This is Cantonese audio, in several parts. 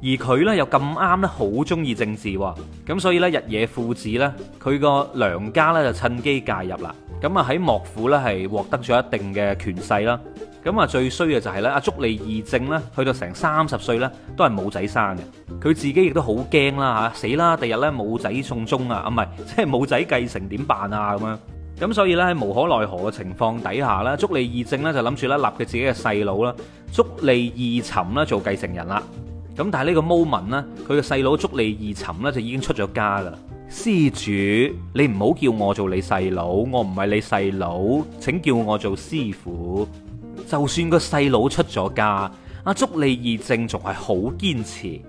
而佢咧又咁啱咧，好中意政治喎，咁所以咧日野富子咧，佢個娘家咧就趁機介入啦。咁啊喺幕府咧係獲得咗一定嘅權勢啦。咁啊最衰嘅就係咧阿足利義政咧去到成三十歲咧都係冇仔生嘅，佢自己亦都好驚啦，嚇死啦，第日咧冇仔送終啊，啊，唔係即係冇仔繼承點辦啊咁樣。咁所以咧喺無可奈何嘅情況底下咧，足利義政咧就諗住咧立佢自己嘅細佬啦，足利義尋啦做繼承人啦。咁但係呢個 moment 呢，佢個細佬祝利二尋呢，就已經出咗家啦。施主，你唔好叫我做你細佬，我唔係你細佬，請叫我做師傅。就算個細佬出咗家，阿祝利二正仲係好堅持。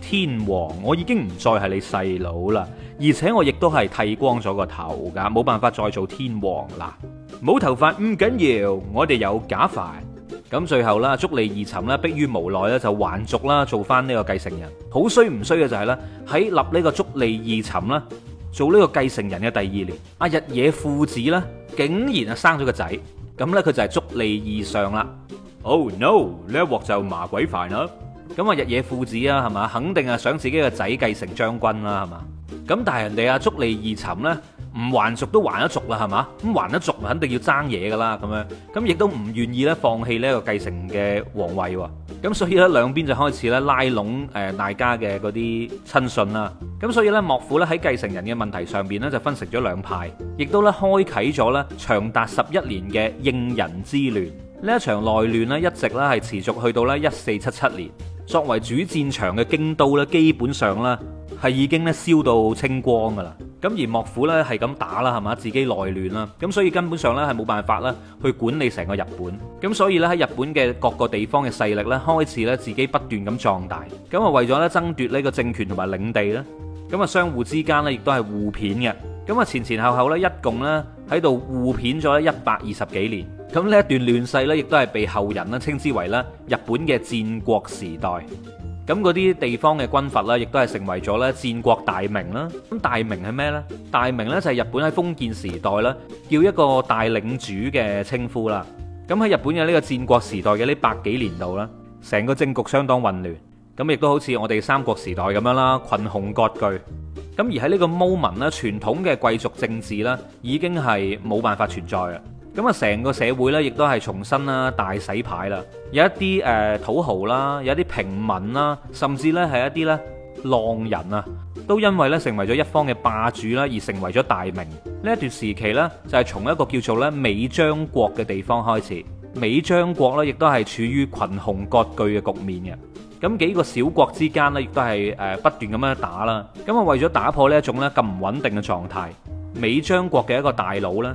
天皇，我已經唔再係你細佬啦，而且我亦都係剃光咗個頭噶，冇辦法再做天皇啦。冇頭髮唔緊要，我哋有假髮。咁最後啦，足利義尋咧迫於無奈咧就還俗啦，做翻呢個繼承人。好衰唔衰嘅就係咧喺立呢個足利義尋啦，做呢個繼承人嘅第二年，阿日野父子咧竟然啊生咗個仔，咁呢，佢就係足利義尚啦。Oh no！呢一鑊就麻鬼煩啦。咁啊日野父子啊係嘛，肯定係想自己嘅仔繼承將軍啦係嘛。咁但係人哋阿足利義尋呢。唔還俗都還一俗啦，係嘛？咁還一俗，肯定要爭嘢噶啦，咁樣咁亦都唔願意咧放棄呢一個繼承嘅皇位喎。咁所以咧，兩邊就開始咧拉攏誒大家嘅嗰啲親信啦。咁所以咧，幕府咧喺繼承人嘅問題上邊咧就分成咗兩派，亦都咧開啟咗咧長達十一年嘅應仁之亂。呢一場內亂呢，一直咧係持續去到咧一四七七年。作為主戰場嘅京都咧，基本上咧係已經咧燒到清光噶啦。咁而幕府咧係咁打啦，係咪？自己內亂啦，咁所以根本上咧係冇辦法啦，去管理成個日本。咁所以咧喺日本嘅各個地方嘅勢力咧，開始咧自己不斷咁壯大。咁啊為咗咧爭奪呢個政權同埋領地咧，咁啊相互之間咧亦都係互拼嘅。咁啊前前後後咧一共咧喺度互拼咗一百二十幾年。咁呢一段亂世咧，亦都係被後人咧稱之為咧日本嘅戰國時代。咁嗰啲地方嘅軍閥啦，亦都係成為咗咧戰國大名啦。咁大名係咩呢？大名呢，就係日本喺封建時代啦，叫一個大領主嘅稱呼啦。咁喺日本嘅呢個戰國時代嘅呢百幾年度啦，成個政局相當混亂，咁亦都好似我哋三國時代咁樣啦，群雄割據。咁而喺呢個 moment 咧，傳統嘅貴族政治咧已經係冇辦法存在啦。咁啊，成個社會呢，亦都係重新啦，大洗牌啦。有一啲誒、呃、土豪啦，有一啲平民啦，甚至呢係一啲呢浪人啊，都因為呢成為咗一方嘅霸主啦，而成為咗大名。呢一段時期呢，就係、是、從一個叫做呢尾張國嘅地方開始。尾張國呢，亦都係處於群雄割據嘅局面嘅。咁幾個小國之間呢，亦都係誒、呃、不斷咁樣打啦。咁啊，為咗打破呢一種呢咁唔穩定嘅狀態，尾張國嘅一個大佬呢，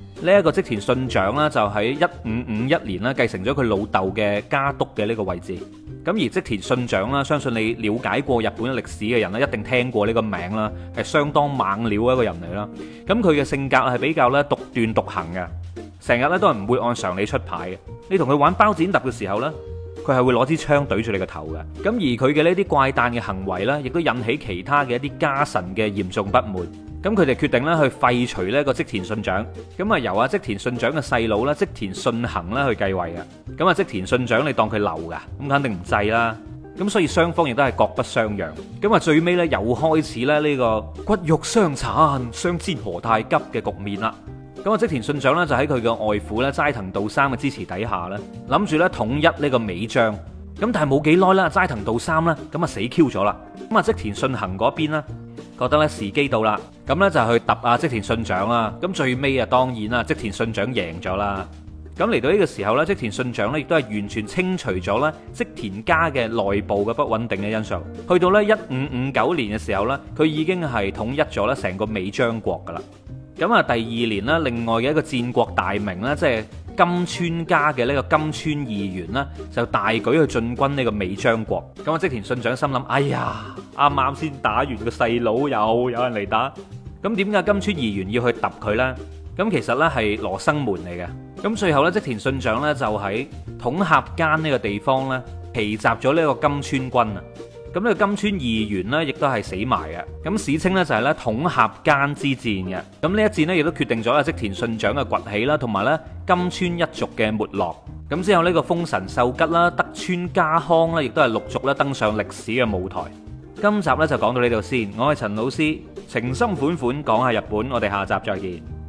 呢一個織田信長啦，就喺一五五一年啦，繼承咗佢老豆嘅家督嘅呢個位置。咁而織田信長啦，相信你了解過日本歷史嘅人咧，一定聽過呢個名啦，係相當猛料一個人嚟啦。咁佢嘅性格係比較咧獨斷獨行嘅，成日咧都係唔會按常理出牌嘅。你同佢玩包剪揼嘅時候咧，佢係會攞支槍對住你個頭嘅。咁而佢嘅呢啲怪誕嘅行為咧，亦都引起其他嘅一啲家臣嘅嚴重不滿。咁佢哋決定咧去廢除呢個織田信長，咁啊由啊織田信長嘅細佬咧織田信行咧去繼位啊。咁啊織田信長你當佢流噶，咁肯定唔制啦。咁所以雙方亦都係各不相讓。咁啊最尾咧又開始咧呢個骨肉相殘、相煎何太急嘅局面啦。咁啊織田信長咧就喺佢嘅外父咧齋藤道三嘅支持底下咧，諗住咧統一呢個尾張。咁但係冇幾耐咧，齋藤道三咧咁啊死 Q 咗啦。咁啊織田信行嗰邊覺得咧時機到啦，咁咧就去揼阿織田信長啦，咁最尾啊當然啦，織田信長贏咗啦，咁嚟到呢個時候咧，織田信長咧亦都係完全清除咗咧織田家嘅內部嘅不穩定嘅因素，去到咧一五五九年嘅時候咧，佢已經係統一咗咧成個尾張國噶啦，咁啊第二年呢，另外嘅一個戰國大名呢，即係，金今家嘅呢個金今川義元呢，就大舉去進軍呢個尾張國。咁啊，織田信長心諗：哎呀，啱啱先打完個細佬，又有人嚟打。咁點解金今川義元要去揼佢呢？咁其實呢係羅生門嚟嘅。咁最後呢，織田信長呢，就喺桶狹間呢個地方呢，奇襲咗呢個金今川軍啊！咁呢個今川義元呢，亦都係死埋嘅。咁史稱呢，就係咧桶狹間之戰嘅。咁呢一戰呢，亦都決定咗阿織田信長嘅崛起啦，同埋呢今川一族嘅沒落。咁之後呢個豐臣秀吉啦，德川家康咧，亦都係陸續咧登上歷史嘅舞台。今集呢，就講到呢度先。我係陳老師，情深款款講下日本。我哋下集再見。